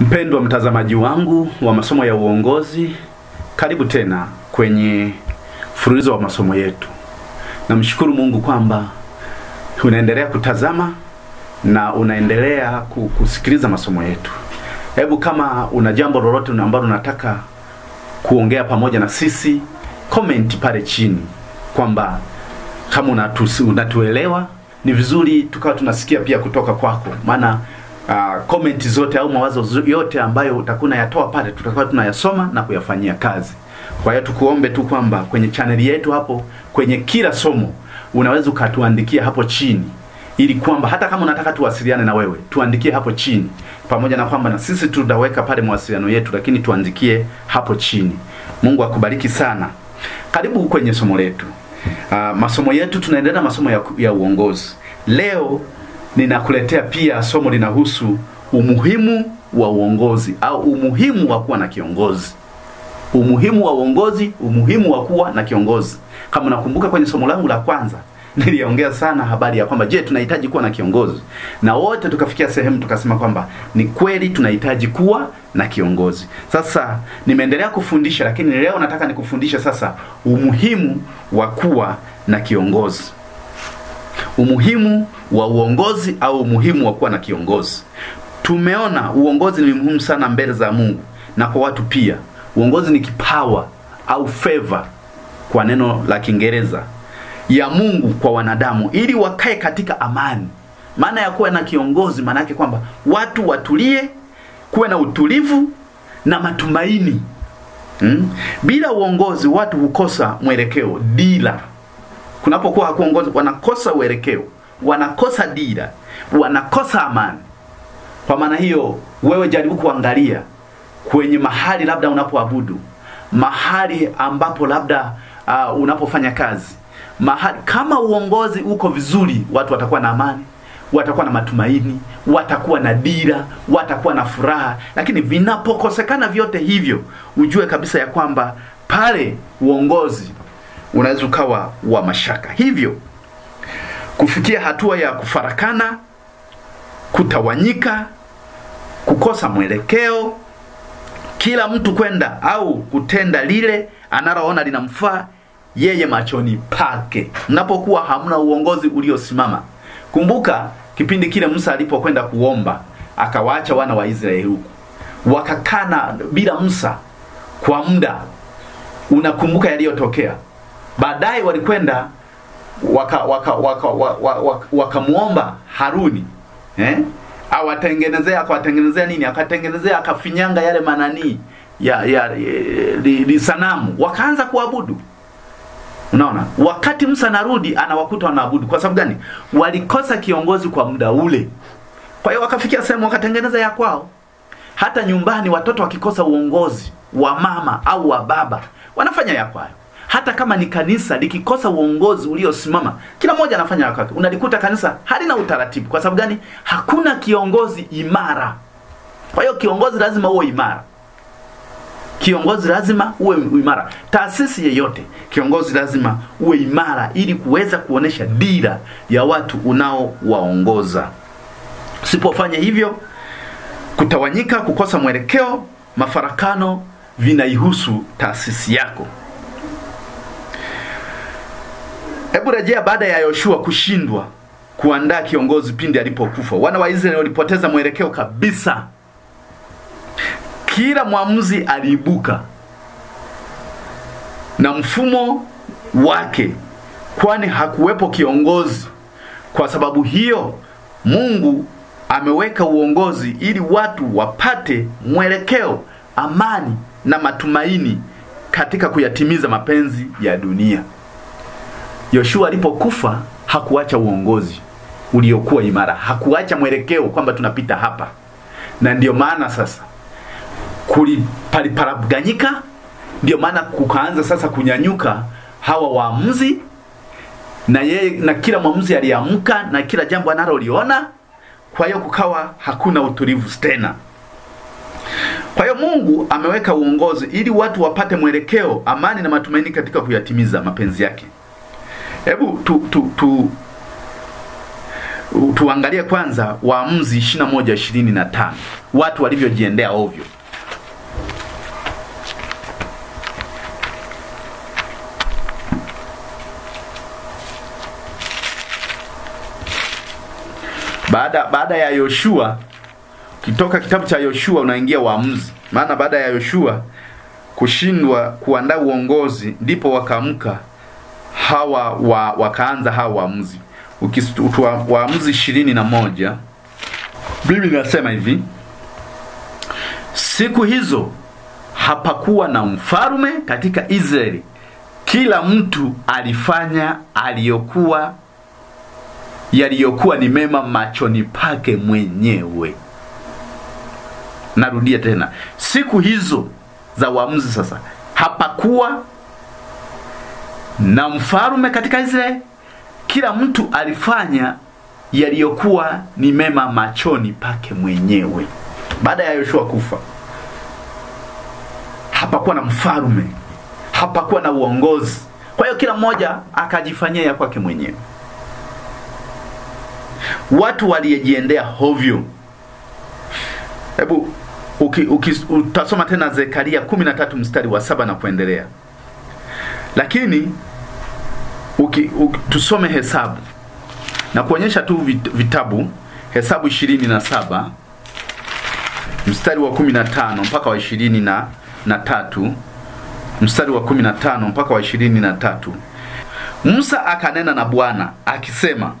Mpendwa mtazamaji wangu wa masomo ya uongozi, karibu tena kwenye mfululizo wa masomo yetu. Namshukuru Mungu kwamba unaendelea kutazama na unaendelea kusikiliza masomo yetu. Hebu kama una jambo lolote ambalo unataka kuongea pamoja na sisi, comment pale chini kwamba kama unatu, unatuelewa ni vizuri tukawa tunasikia pia kutoka kwako, maana uh, comment zote au mawazo yote ambayo utakuna yatoa pale, tutakuwa tunayasoma na kuyafanyia kazi. Kwa hiyo tukuombe tu kwamba kwenye chaneli yetu hapo, kwenye kila somo unaweza ukatuandikia hapo chini, ili kwamba hata kama unataka tuwasiliane na wewe tuandikie hapo chini, pamoja na kwamba na sisi tutaweka pale mawasiliano yetu, lakini tuandikie hapo chini. Mungu akubariki sana. Karibu kwenye somo letu. Uh, masomo yetu tunaendelea masomo ya, ya uongozi leo ninakuletea pia somo linahusu umuhimu wa uongozi au umuhimu wa kuwa na kiongozi. Umuhimu wa uongozi, umuhimu wa kuwa na kiongozi. Kama nakumbuka kwenye somo langu la kwanza niliongea sana habari ya kwamba je, tunahitaji kuwa na kiongozi, na wote tukafikia sehemu tukasema kwamba ni kweli tunahitaji kuwa na kiongozi. Sasa nimeendelea kufundisha, lakini leo nataka nikufundishe sasa umuhimu wa kuwa na kiongozi, umuhimu wa uongozi au umuhimu wa kuwa na kiongozi. Tumeona uongozi ni muhimu sana mbele za Mungu na kwa watu pia. Uongozi ni kipawa au favor kwa neno la Kiingereza ya Mungu kwa wanadamu ili wakae katika amani. Maana ya kuwa na kiongozi, maana yake kwamba watu watulie, kuwe na utulivu na matumaini. Hmm? Bila uongozi watu hukosa mwelekeo, dira. Kunapokuwa hakuongozi wanakosa uelekeo wanakosa dira, wanakosa amani. Kwa maana hiyo, wewe jaribu kuangalia kwenye mahali labda unapoabudu, mahali ambapo labda uh, unapofanya kazi, mahali kama uongozi uko vizuri, watu watakuwa na amani, watakuwa na matumaini, watakuwa na dira, watakuwa na furaha. Lakini vinapokosekana vyote hivyo, ujue kabisa ya kwamba pale uongozi unaweza ukawa wa mashaka hivyo kufikia hatua ya kufarakana, kutawanyika, kukosa mwelekeo, kila mtu kwenda au kutenda lile analoona linamfaa yeye machoni pake, mnapokuwa hamna uongozi uliosimama. Kumbuka kipindi kile Musa alipokwenda kuomba, akawaacha wana wa Israeli huku wakakana bila Musa kwa muda. Unakumbuka yaliyotokea baadaye, walikwenda wakamwomba waka, waka, waka, waka Haruni eh? awatengenezea akawatengenezea nini? Akatengenezea akafinyanga yale mananii ya, ya, li, li sanamu wakaanza kuabudu. Unaona, wakati Musa narudi anawakuta wanaabudu. Kwa sababu gani? Walikosa kiongozi kwa muda ule. Kwa hiyo wakafikia sehemu wakatengeneza ya kwao. Hata nyumbani watoto wakikosa uongozi wa mama au wa baba wanafanya ya kwao hata kama ni kanisa likikosa uongozi uliosimama, kila mmoja anafanya wakati, unalikuta kanisa halina utaratibu. Kwa sababu gani? Hakuna kiongozi imara. Kwa hiyo kiongozi lazima uwe imara, kiongozi lazima uwe imara. Taasisi yeyote, kiongozi lazima uwe imara, ili kuweza kuonesha dira ya watu unaowaongoza. Usipofanya hivyo, kutawanyika, kukosa mwelekeo, mafarakano vinaihusu taasisi yako. Hebu rejea baada ya Yoshua kushindwa kuandaa kiongozi pindi alipokufa. Wana wa Israeli walipoteza mwelekeo kabisa. Kila mwamuzi aliibuka na mfumo wake, kwani hakuwepo kiongozi. Kwa sababu hiyo, Mungu ameweka uongozi ili watu wapate mwelekeo, amani na matumaini katika kuyatimiza mapenzi ya dunia. Yoshua alipokufa hakuacha uongozi uliokuwa imara, hakuacha mwelekeo kwamba tunapita hapa, na ndio maana sasa kulipaliparaganyika, ndio maana kukaanza sasa kunyanyuka hawa waamuzi na ye, na kila mwamuzi aliamka na kila jambo analoliona. Kwa hiyo kukawa hakuna utulivu tena. Kwa hiyo Mungu ameweka uongozi ili watu wapate mwelekeo, amani na matumaini katika kuyatimiza mapenzi yake. Hebu tu, tu, tu tuangalie kwanza Waamuzi 21 25, watu walivyojiendea ovyo. Baada baada ya Yoshua, kitoka kitabu cha Yoshua unaingia Waamuzi, maana baada ya Yoshua kushindwa kuandaa uongozi ndipo wakaamka hawa wa, wakaanza hawa waamuzi waamuzi ishirini na moja bibi inasema hivi siku hizo hapakuwa na mfalume katika Israeli, kila mtu alifanya aliyokuwa yaliyokuwa ni mema machoni pake mwenyewe. Narudia tena, siku hizo za uamuzi sasa hapakuwa na mfalme katika Israeli, kila mtu alifanya yaliyokuwa ni mema machoni pake mwenyewe. Baada ya Yoshua kufa, hapakuwa na mfalme, hapakuwa na uongozi. Kwa hiyo kila mmoja akajifanyia ya kwake mwenyewe. Watu waliyejiendea hovyo. Hebu uki, uki, utasoma tena Zekaria 13 mstari wa saba na kuendelea. Lakini uki, uki, tusome Hesabu na kuonyesha tu vitabu Hesabu 27 mstari wa 15 mpaka wa 20 na, na tatu mstari wa 15 mpaka wa 20 na tatu. Musa akanena na Bwana akisema,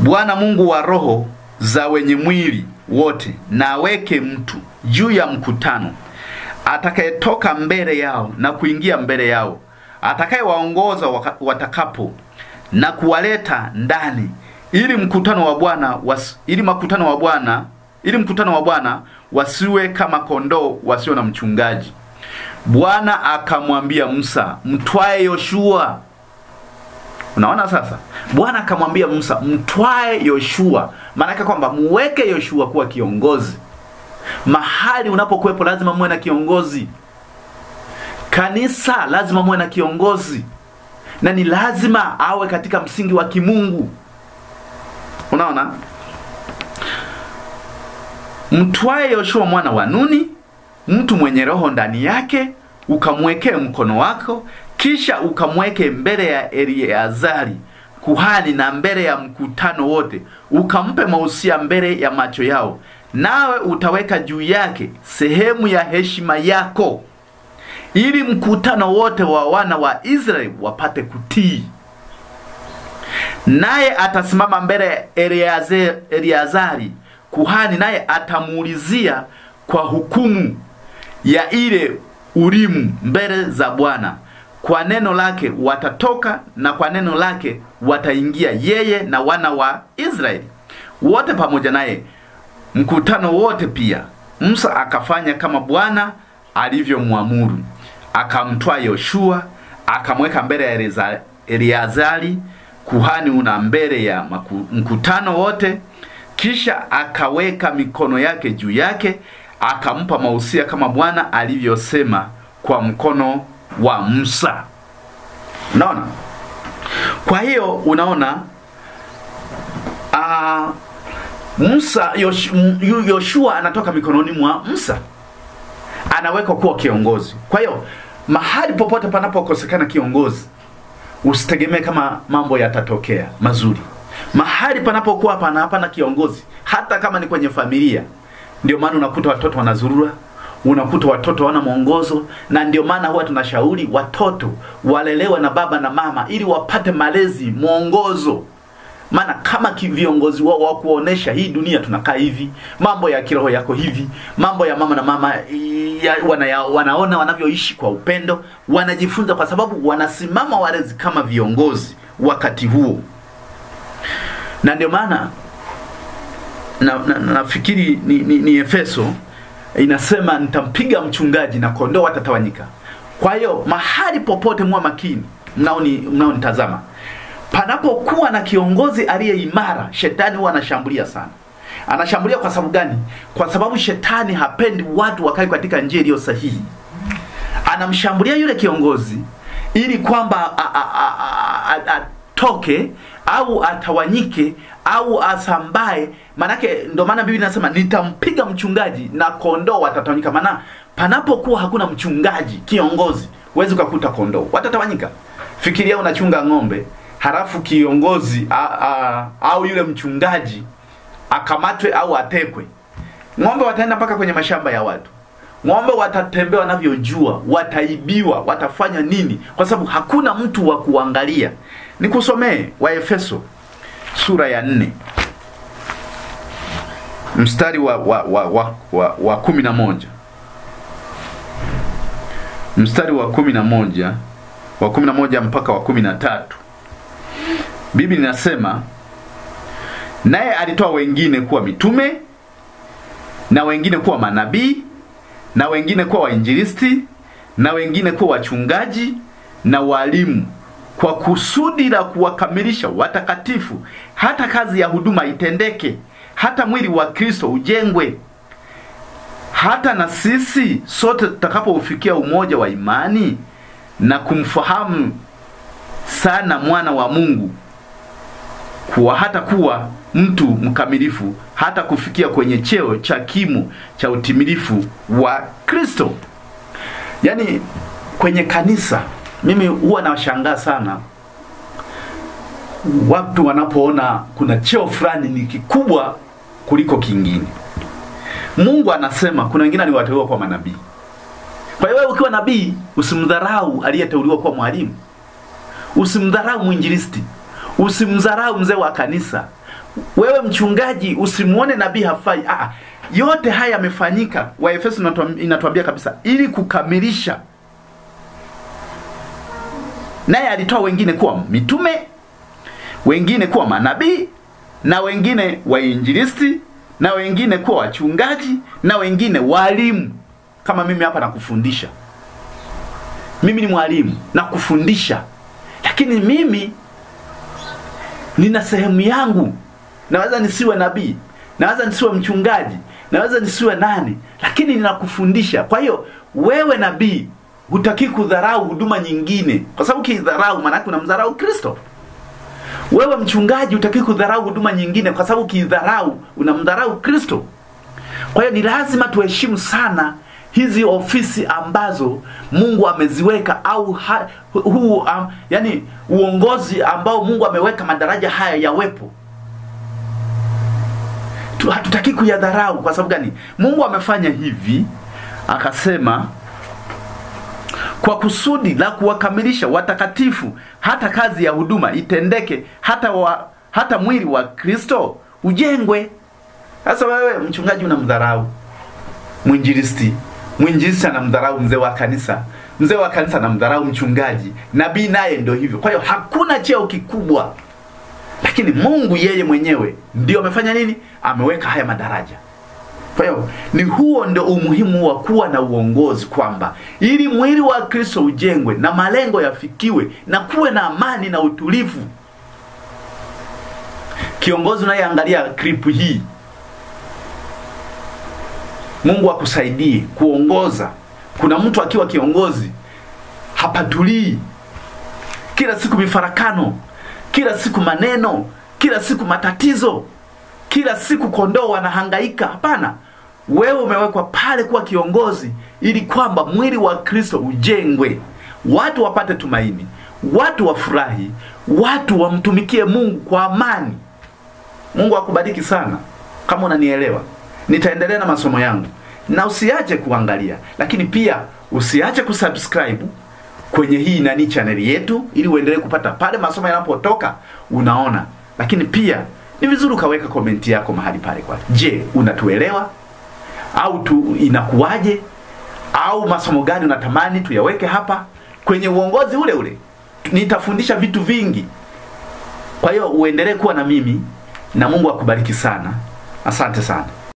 Bwana Mungu wa roho za wenye mwili wote naweke mtu juu ya mkutano atakayetoka mbele yao na kuingia mbele yao, atakayewaongoza watakapo na kuwaleta ndani, ili mkutano wa Bwana ili makutano wa Bwana ili mkutano wa Bwana wasiwe kama kondoo wasio na mchungaji. Bwana akamwambia Musa, mtwae Yoshua. Unaona sasa, Bwana akamwambia Musa, mtwae Yoshua, maanake kwamba muweke Yoshua kuwa kiongozi. Mahali unapokuwepo lazima muwe na kiongozi. Kanisa lazima muwe na kiongozi, na ni lazima awe katika msingi wa kimungu. Unaona, mtwae Yoshua mwana wa Nuni, mtu mwenye roho ndani yake, ukamwekee mkono wako, kisha ukamweke mbele ya eliazari kuhani na mbele ya mkutano wote, ukampe mausia mbele ya macho yao nawe utaweka juu yake sehemu ya heshima yako, ili mkutano wote wa wana wa Israeli wapate kutii. Naye atasimama mbele ya Eleazari, kuhani, naye atamuulizia kwa hukumu ya ile Urimu mbele za Bwana. Kwa neno lake watatoka na kwa neno lake wataingia, yeye na wana wa Israeli wote pamoja naye mkutano wote pia Musa akafanya kama Bwana alivyomwamuru, akamtoa Yoshua akamweka mbele ya eliazari kuhani una mbele ya maku, mkutano wote, kisha akaweka mikono yake juu yake, akampa mausia kama Bwana alivyosema kwa mkono wa Musa. Unaona, kwa hiyo unaona a, ah, Musa Yoshua anatoka mikononi mwa Musa, anawekwa kuwa kiongozi. Kwa hiyo mahali popote panapokosekana kiongozi, usitegemee kama mambo yatatokea mazuri. Mahali panapokuwa pana hapana kiongozi, hata kama ni kwenye familia, ndio maana unakuta watoto wanazurura, unakuta watoto wana mwongozo, na ndio maana huwa tunashauri watoto walelewe na baba na mama, ili wapate malezi, mwongozo maana kama viongozi wao wakuonesha hii dunia tunakaa hivi, mambo ya kiroho yako hivi, mambo ya mama na mama ya, wana, ya, wanaona wanavyoishi kwa upendo, wanajifunza kwa sababu wanasimama walezi kama viongozi wakati huo, na ndio maana na, na, nafikiri ni, ni, ni Efeso inasema nitampiga mchungaji na kondoo watatawanyika. Kwa hiyo mahali popote, mwa makini mnaonitazama, mnaoni Panapokuwa na kiongozi aliye imara, shetani huwa anashambulia sana. Anashambulia kwa sababu gani? Kwa sababu shetani hapendi watu wakae katika njia iliyo sahihi. Anamshambulia yule kiongozi ili kwamba atoke au atawanyike au asambae. Manake ndio maana Biblia inasema nitampiga mchungaji na kondoo watatawanyika. Maana panapokuwa hakuna mchungaji, kiongozi, huwezi ukakuta kondoo, watatawanyika. Fikiria unachunga ng'ombe halafu kiongozi au yule mchungaji akamatwe au atekwe, ng'ombe wataenda mpaka kwenye mashamba ya watu. Ng'ombe watatembea wanavyojua, wataibiwa, watafanya nini? Kwa sababu hakuna mtu wa kuangalia. Nikusomee Waefeso sura ya nne mstari wa wa wa wa, wa, wa kumi na moja mstari wa kumi na moja wa kumi na moja mpaka wa kumi na tatu Biblia inasema naye alitoa wengine kuwa mitume na wengine kuwa manabii na wengine kuwa wainjilisti na wengine kuwa wachungaji na walimu kwa kusudi la kuwakamilisha watakatifu hata kazi ya huduma itendeke, hata mwili wa Kristo ujengwe, hata na sisi sote tutakapoufikia umoja wa imani na kumfahamu sana mwana wa Mungu kuwa hata kuwa mtu mkamilifu hata kufikia kwenye cheo cha kimu cha utimilifu wa Kristo. Yaani kwenye kanisa mimi huwa nawashangaa sana watu wanapoona kuna cheo fulani ni kikubwa kuliko kingine. Mungu anasema kuna wengine aliwateuliwa kwa manabii. Kwa hiyo wewe ukiwa nabii usimdharau aliyeteuliwa kwa mwalimu, usimdharau mwinjilisti, usimdharau mzee wa kanisa. Wewe mchungaji usimuone nabii hafai. Ah, ah. yote haya yamefanyika, Waefeso inatuambia kabisa, ili kukamilisha. Naye alitoa wengine kuwa mitume, wengine kuwa manabii, na wengine wainjilisti, na wengine kuwa wachungaji, na wengine walimu. Kama mimi hapa nakufundisha, mimi ni mwalimu nakufundisha, lakini mimi nina sehemu yangu. Naweza nisiwe nabii, naweza nisiwe mchungaji, naweza nisiwe nani, lakini ninakufundisha. Kwa hiyo wewe nabii hutaki kudharau huduma nyingine, kwa sababu kidharau, maana unamdharau Kristo. Wewe mchungaji hutaki kudharau huduma nyingine, kwa sababu kidharau unamdharau Kristo. Kwa hiyo ni lazima tuheshimu sana hizi ofisi ambazo Mungu ameziweka au ha, hu, um, yani uongozi ambao Mungu ameweka madaraja haya yawepo. Hatutaki kuyadharau. Kwa sababu gani? Mungu amefanya hivi, akasema kwa kusudi la kuwakamilisha watakatifu hata kazi ya huduma itendeke, hata wa, hata mwili wa Kristo ujengwe. Sasa wewe mchungaji unamdharau mwinjilisti mwinjisi anamdharau mzee wa kanisa, mzee wa kanisa anamdharau mchungaji, nabii naye ndio hivyo. Kwa hiyo hakuna cheo kikubwa, lakini Mungu yeye mwenyewe ndio amefanya nini, ameweka haya madaraja. Kwa hiyo ni huo ndio umuhimu wa kuwa na uongozi, kwamba ili mwili wa Kristo ujengwe na malengo yafikiwe na kuwe na amani na utulivu. Kiongozi unayeangalia klipu hii Mungu akusaidie kuongoza. Kuna mtu akiwa kiongozi hapatulii, kila siku mifarakano, kila siku maneno, kila siku matatizo, kila siku kondoo wanahangaika. Hapana, wewe umewekwa pale kuwa kiongozi ili kwamba mwili wa Kristo ujengwe, watu wapate tumaini, watu wafurahi, watu wamtumikie Mungu kwa amani. Mungu akubariki sana, kama unanielewa nitaendelea na masomo yangu, na usiache kuangalia, lakini pia usiache kusubscribe kwenye hii nani chaneli yetu, ili uendelee kupata pale masomo yanapotoka unaona. Lakini pia ni vizuri ukaweka komenti yako mahali pale kwa, je, unatuelewa au tu inakuwaje, au masomo gani unatamani tuyaweke hapa? Kwenye uongozi ule ule nitafundisha vitu vingi. Kwa hiyo uendelee kuwa na mimi na Mungu akubariki sana. Asante sana.